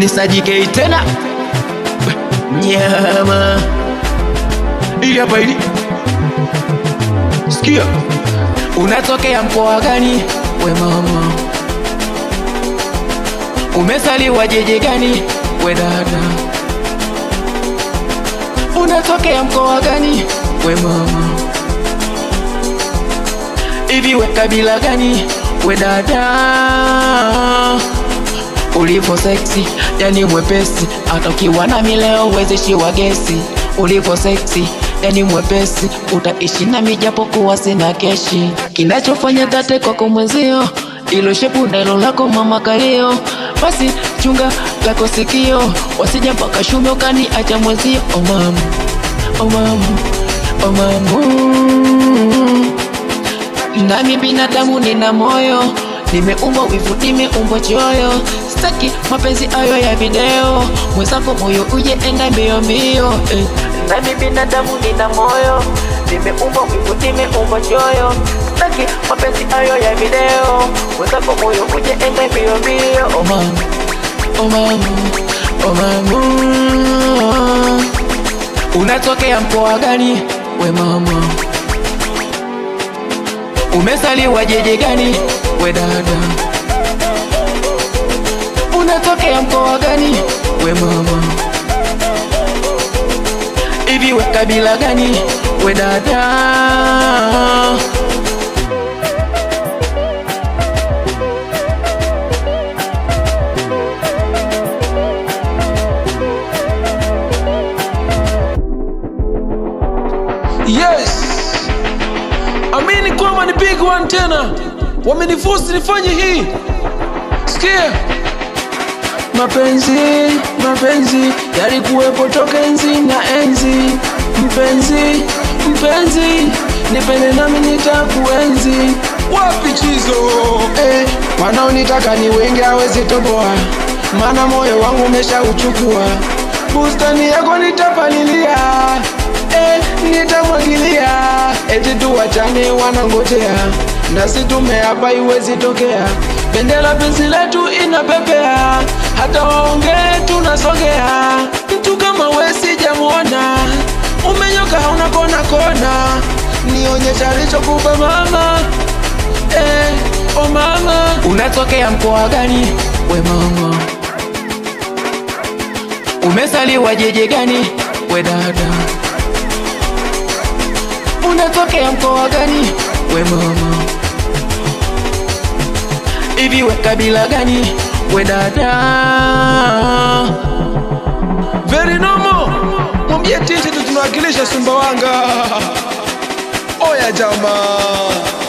nisajike tena nyama ili hapa ili sikia unatokea mkoa gani we mama umesaliwa jeje gani we dada unatokea mkoa gani we mama ivi we kabila gani we dada Ulipo sexy, yani mwepesi, atakiwa nami leo wezeshiwa gesi. Ulipo sexy, yani mwepesi, utaishi nami japokuwa sina keshi. Kinachofanya tate kwako mwenzio, ilo shepu nalo lako mama kalio, basi chunga lako sikio, wasija mpaka shume ukani acha mwenzio. Oh mama, oh oh nami binadamu nina moyo nimeumbwa wivu, nimeumbwa choyo, staki mapenzi ayo ya video. Mwenzako moyo uje enda mbio mbio, eh. Nami binadamu nina moyo, nimeumbwa wivu, nimeumbwa choyo, staki mapenzi ayo ya video. Mwenzako moyo uje enda mbio mbio, oh mama, oh mama, oh mama, unatokea mkoa gani we mama? Umezaliwa jiji gani? we dada, unatokea mkoa gani we mama? Hivi we kabila gani we dada? Yes, amini kwamba ni big one tena wamenifosi nifanye hii. Sikia, mapenzi mapenzi yalikuwepo tokenzi na enzi. Mpenzi mpenzi, nipende nami nitakuenzi. Wapi chizo eh, wanaonitaka ni wengi, awezi toboa, mana moyo wangu umeshauchukua. Bustani yako nitapalilia nitamwagilia eti tu wachani wanangojea, nasi tume hapa iwezi tokea, bendera penzi letu inapepea, hata waongee tunasogea. Mtu kama we sijamuona, umenyoka hauna kona kona, nionyesha alichokupa mama eh, o oh mama, unatokea mkoa gani we mama? Umesaliwa jiji gani we dada? unatokea mkoa gani? We mama, hivi we kabila gani? We dada, very normal, mwambie tisi tu Sumbawanga. Oya jamaa